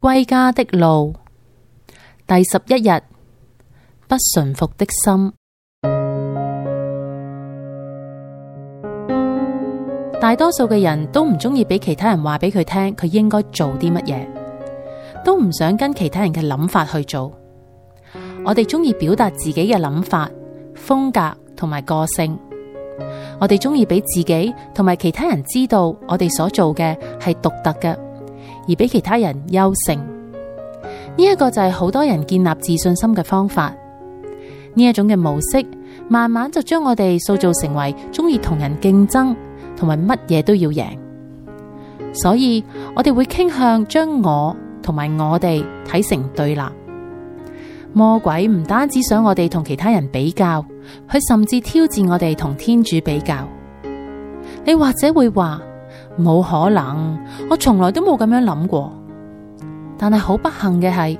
歸家的路，第十一日，不馴服的心。 大多數嘅人都唔中意俾其他人話俾佢聽，佢應該做啲乜嘢，都唔想跟其他人嘅諗法去做。我哋中意表達自己嘅諗法、風格同埋個性。我哋中意俾自己同埋其他人知道，我哋所做嘅係獨特嘅。而俾其他人優勝，呢一個就係好多人建立自信心嘅方法。呢一種嘅模式，慢慢就將我哋塑造成為中意同人競爭，同埋乜嘢都要贏。所以，我哋會傾向將我同埋我哋睇成對立。魔鬼唔單止想我哋同其他人比較，佢甚至挑戰我哋同天主比較。你或者會話。冇可能，我從來都冇咁樣諗過。但係好不幸嘅係，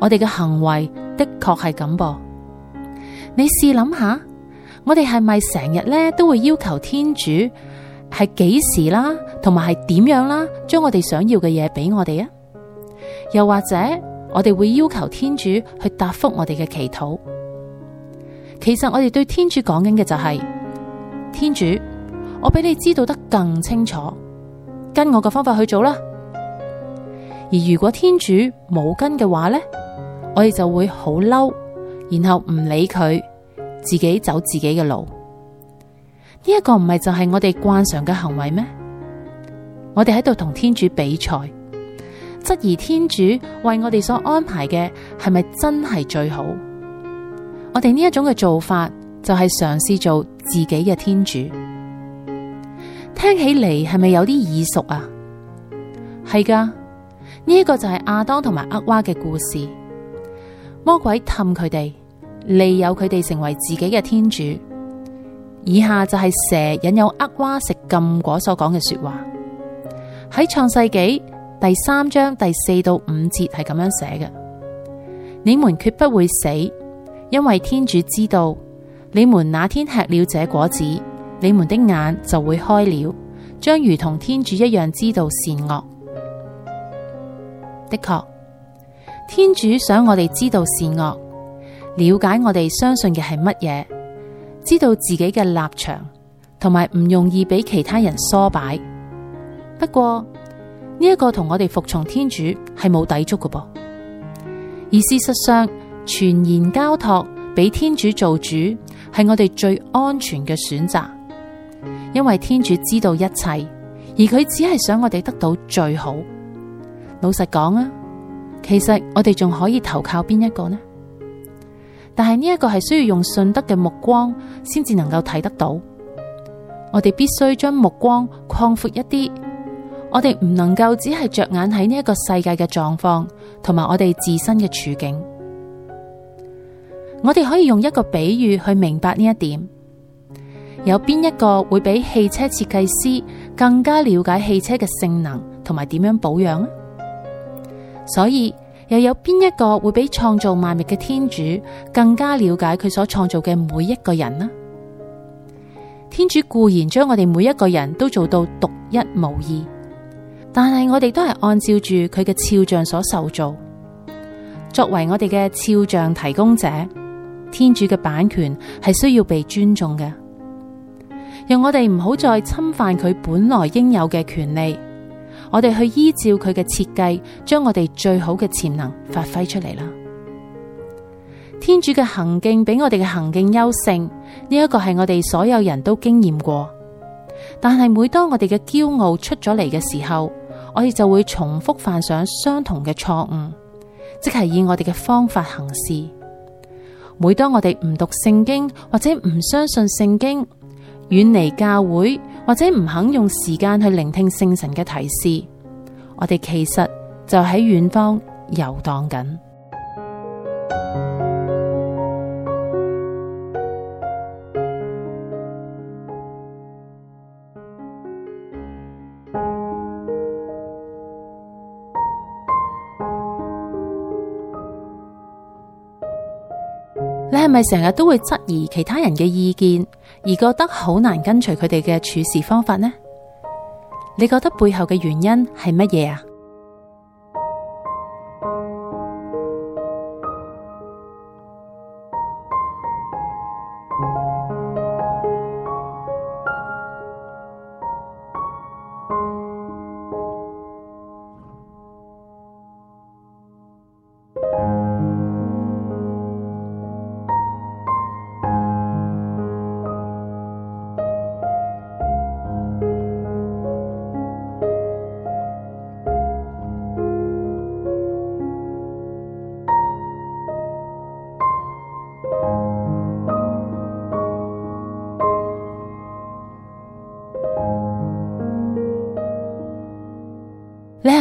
我哋嘅行為的確係咁噃。你試諗下，我哋係咪成日咧都會要求天主係幾時啦，同埋係點樣啦，將我哋想要嘅嘢俾我哋啊？又或者我哋會要求天主去答覆我哋嘅祈禱？其實我哋對天主講緊嘅就係，天主，我比你知道得更清楚，跟我嘅方法去做啦。而如果天主冇跟嘅話咧，我哋就會好嬲，然後唔理佢，自己走自己嘅路。呢一個唔係就係我哋慣常嘅行為咩？我哋喺度同天主比賽，質疑天主為我哋所安排嘅係咪真係最好？我哋呢一種嘅做法就係嘗試做自己嘅天主。聽起嚟係咪有啲耳熟啊？係噶，呢、這、一個就係亞當同埋厄娃嘅故事。魔鬼氹佢哋，利誘佢哋成為自己嘅天主。以下就係蛇引誘厄娃食禁果所講嘅說話，喺創世紀第三章第四到五節係咁樣寫嘅：你們決不會死，因為天主知道，你們那天吃了這果子。你們的眼就會開了，將如同天主一樣知道善惡。的確，天主想我哋知道善惡，了解我哋相信嘅係乜嘢，知道自己嘅立場，同埋唔容易俾其他人唆擺。不過呢一個同我哋服從天主係冇抵觸嘅，噃。而事實上，全然交託俾天主做主，係我哋最安全嘅選擇。因為天主知道一切，而佢只係想我哋得到最好。老實講啊，其實我哋仲可以投靠邊一個呢？但係呢一個係需要用信德嘅目光先至能夠睇得到。我哋必須將目光擴闊一啲，我哋唔能夠只係着眼喺呢一個世界嘅狀況同埋我哋自身嘅處境。我哋可以用一個比喻去明白呢一點。有邊一個會比汽車設計師更加了解汽車嘅性能同埋點樣保養呢？所以又有邊一個會比創造萬物嘅天主更加了解佢所創造嘅每一個人呢？天主固然將我哋每一個人都做到獨一無二，但係我哋都係按照住佢嘅肖像所受造，作為我哋嘅肖像提供者，天主嘅版權係需要被尊重嘅。讓我哋唔好再侵犯佢本來應有嘅權利。我哋去依照佢嘅設計，將我哋最好嘅潛能發揮出嚟啦。天主嘅行徑俾我哋嘅行徑優勝，呢一個係我哋所有人都經驗過。但係每當我哋嘅驕傲出咗嚟嘅時候，我哋就會重複犯上相同嘅錯誤，即係以我哋嘅方法行事。每當我哋唔讀聖經或者唔相信聖經，遠離教會，或者唔肯用時間去聆聽聖神嘅提示，我哋其實就喺遠方遊蕩緊。你係咪成日都會質疑其他人嘅意見，而覺得好難跟隨佢哋嘅處事方法呢？你覺得背後嘅原因係乜嘢啊？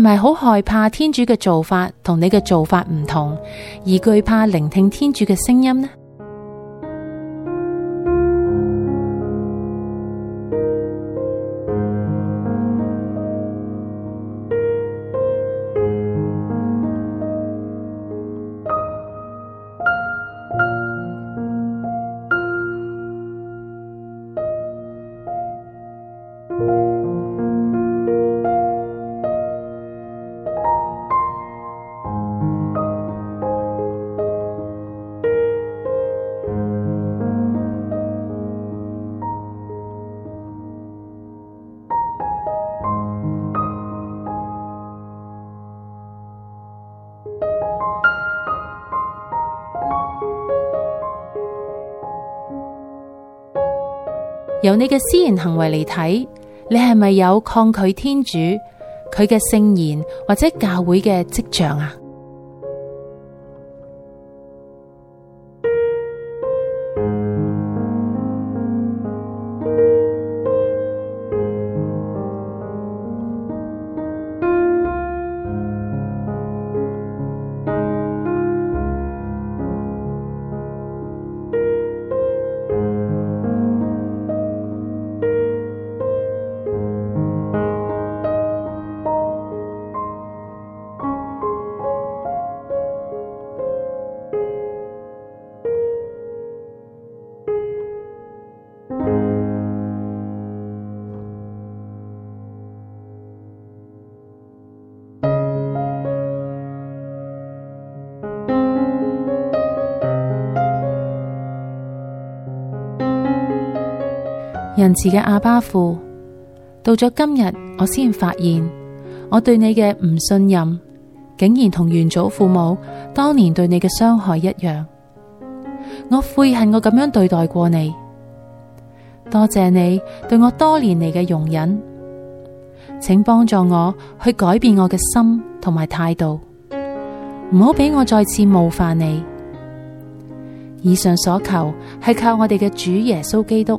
係咪好害怕天主嘅做法同你嘅做法唔同，而懼怕聆聽天主嘅聲音呢？由你嘅思言行為嚟睇，你係咪有抗拒天主，佢嘅聖言或者教會嘅跡象啊？仁慈嘅阿爸父，到咗今日，我先發現我對你嘅唔信任，竟然同原祖父母當年對你嘅傷害一樣。我悔恨我咁樣對待過你，多謝你對我多年嚟嘅容忍，請幫助我去改變我嘅心同埋態度，唔好俾我再次冒犯你。以上所求，係靠我哋嘅主耶穌基督。